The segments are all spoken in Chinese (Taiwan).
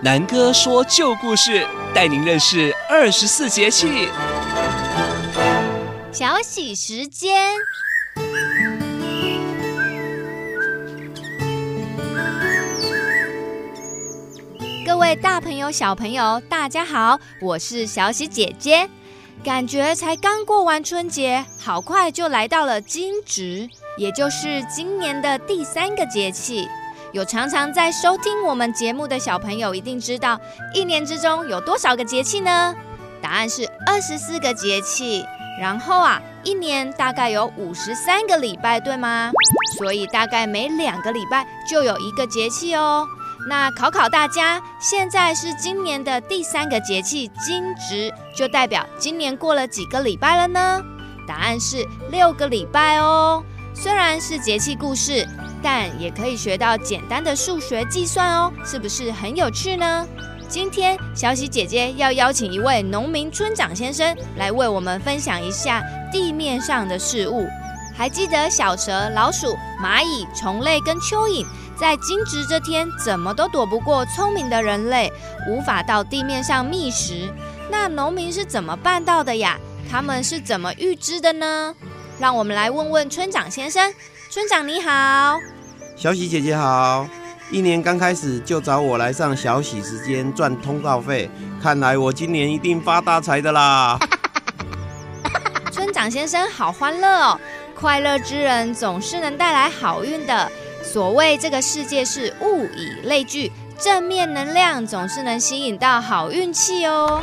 南哥說舊故事，帶您認識二十四節氣。小喜時間，各位大朋友、小朋友，大家好，我是小喜姐姐。感覺才剛過完春節，好快就來到了驚蟄，也就是今年的第三個節氣。有常常在收聽我們節目的小朋友，一定知道一年之中有多少個節氣呢？答案是二十四個節氣。然後啊，一年大概有五十三個禮拜，對嗎？所以大概每兩個禮拜就有一個節氣哦。那考考大家，現在是今年的第三個節氣驚蟄，就代表今年過了幾個禮拜了呢？答案是六個禮拜哦。雖然是節氣故事，但也可以學到簡單的數學計算哦，是不是很有趣呢？今天小喜姐姐要邀請一位農民村長先生來為我們分享一下地面上的事物。還記得小蛇、老鼠、螞蟻、蟲類跟蚯蚓，在驚蟄這天怎麼都躲不過聰明的人類，無法到地面上覓食。那農民是怎麼辦到的呀？他們是怎麼預知的呢？讓我們來問問村長先生。村長你好，小喜姐姐好。一年剛開始就找我來上小喜時間賺通告費，看來我今年一定發大財的啦！村長先生好歡樂哦，快樂之人總是能帶來好運的。所謂這個世界是物以類聚，正面能量總是能吸引到好運氣哦。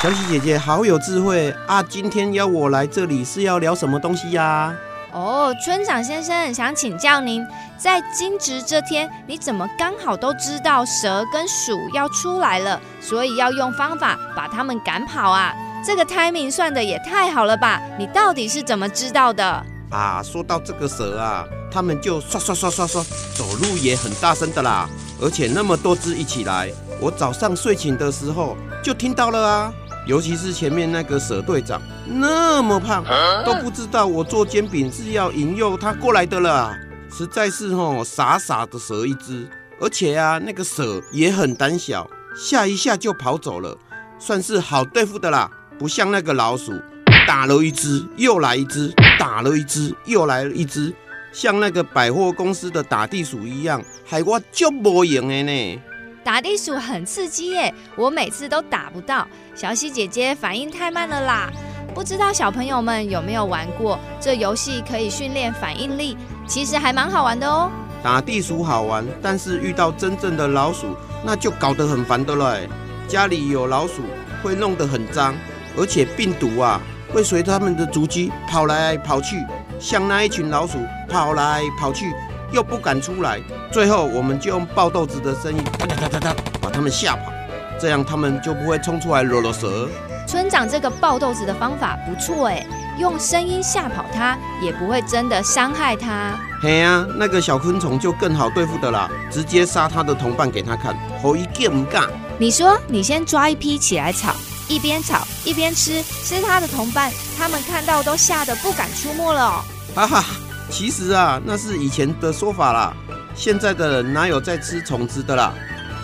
小喜姐姐好有智慧啊！今天邀我來這裡是要聊什麼東西呀、啊？哦，oh, 村長先生想請教您，在驚蟄這天，你怎麼剛好都知道蛇跟鼠要出來了，所以要用方法把它們趕跑啊？這個 timing 算得也太好了吧？你到底是怎麼知道的？啊，說到這個蛇啊，它們就刷刷刷刷刷，走路也很大聲的啦，而且那麼多只一起來，我早上睡醒的時候就聽到了啊。尤其是前面那個蛇隊長那麼胖，都不知道我做煎餅是要引誘他過來的了，實在是吼、哦、傻傻的蛇一隻。而且啊，那個蛇也很膽小，嚇一下就跑走了，算是好對付的啦。不像那個老鼠，打了一隻又來一隻，打了一隻又來了一隻，像那個百貨公司的打地鼠一樣，害我足無閒呢。打地鼠很刺激耶，我每次都打不到，小喜姐姐反應太慢了啦。不知道小朋友們有沒有玩過這遊戲？可以訓練反應力，其實還蠻好玩的哦。打地鼠好玩，但是遇到真正的老鼠，那就搞得很煩的了誒。家裡有老鼠會弄得很髒，而且病毒啊會隨他們的足迹跑來跑去，像那一群老鼠跑來跑去。又不敢出來，最後我們就用爆豆子的聲音，把他們嚇跑，這樣他們就不會衝出來惹惹蛇。村長，這個爆豆子的方法不錯誒、欸，用聲音嚇跑它，也不會真的傷害它。嘿呀、啊，那個小昆蟲就更好對付的啦，直接殺他的同伴給他看，猴一見唔干。你說，你先抓一批起來炒，一邊炒一邊吃，吃他的同伴，他們看到都嚇得不敢出沒了、哦。哈、啊、哈。其實啊，那是以前的說法啦。現在的人哪有在吃蟲子的啦？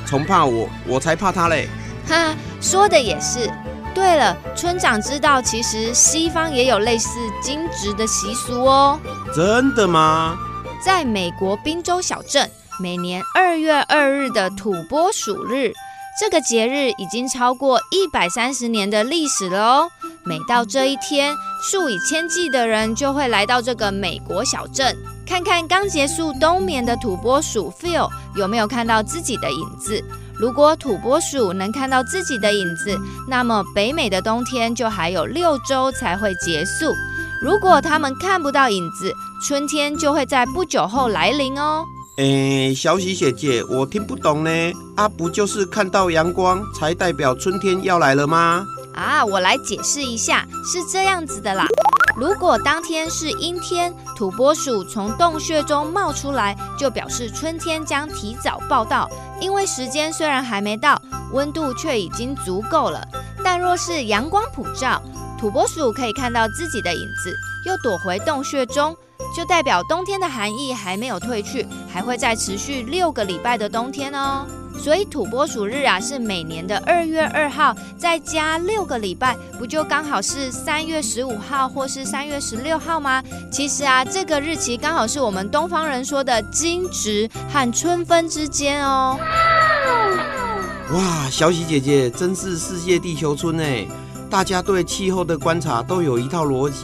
蟲怕我，我才怕它嘞。哈，說的也是。對了，村長知道，其實西方也有類似驚蟄的習俗哦。真的嗎？在美國賓州小鎮，每年二月二日的土撥鼠日，這個節日已經超過一百三十年的歷史了哦。每到這一天，數以千計的人就會來到這個美國小鎮，看看剛結束冬眠的土撥鼠 Phil 有沒有看到自己的影子。如果土撥鼠能看到自己的影子，那麼北美的冬天就還有六周才會結束。如果他們看不到影子，春天就會在不久後來臨哦。哎、欸，小喜姐姐，我聽不懂呢。阿、啊、不就是看到陽光才代表春天要來了嗎？啊，我來解釋一下，是這樣子的啦。如果當天是陰天，土撥鼠從洞穴中冒出來，就表示春天將提早報到，因為時間雖然還沒到，溫度卻已經足夠了。但若是陽光普照，土撥鼠可以看到自己的影子，又躲回洞穴中，就代表冬天的寒意還沒有退去，還會再持續六個禮拜的冬天哦。所以土撥鼠日啊，是每年的二月二號，再加六個禮拜，不就剛好是三月十五號或是三月十六號嗎？其實啊，這個日期剛好是我們東方人說的驚蟄和春分之間哦。哇，小喜姐姐真是世界地球村誒！大家對氣候的觀察都有一套邏輯，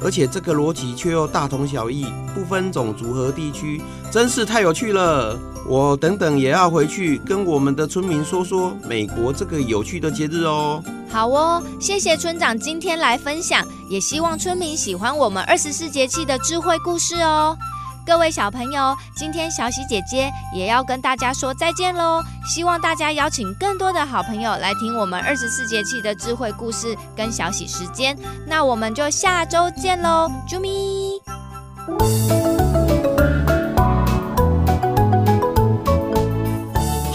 而且這個邏輯卻又大同小異，不分種族和地區，真是太有趣了。我等等也要回去跟我們的村民說說美國這個有趣的節日哦。好哦，謝謝村長今天來分享，也希望村民喜歡我們二十四節氣的智慧故事哦。各位小朋友，今天小喜姐姐也要跟大家說再見嘍，希望大家邀請更多的好朋友來聽我們二十四節氣的智慧故事跟小喜時間。那我們就下週見嘍，啾咪。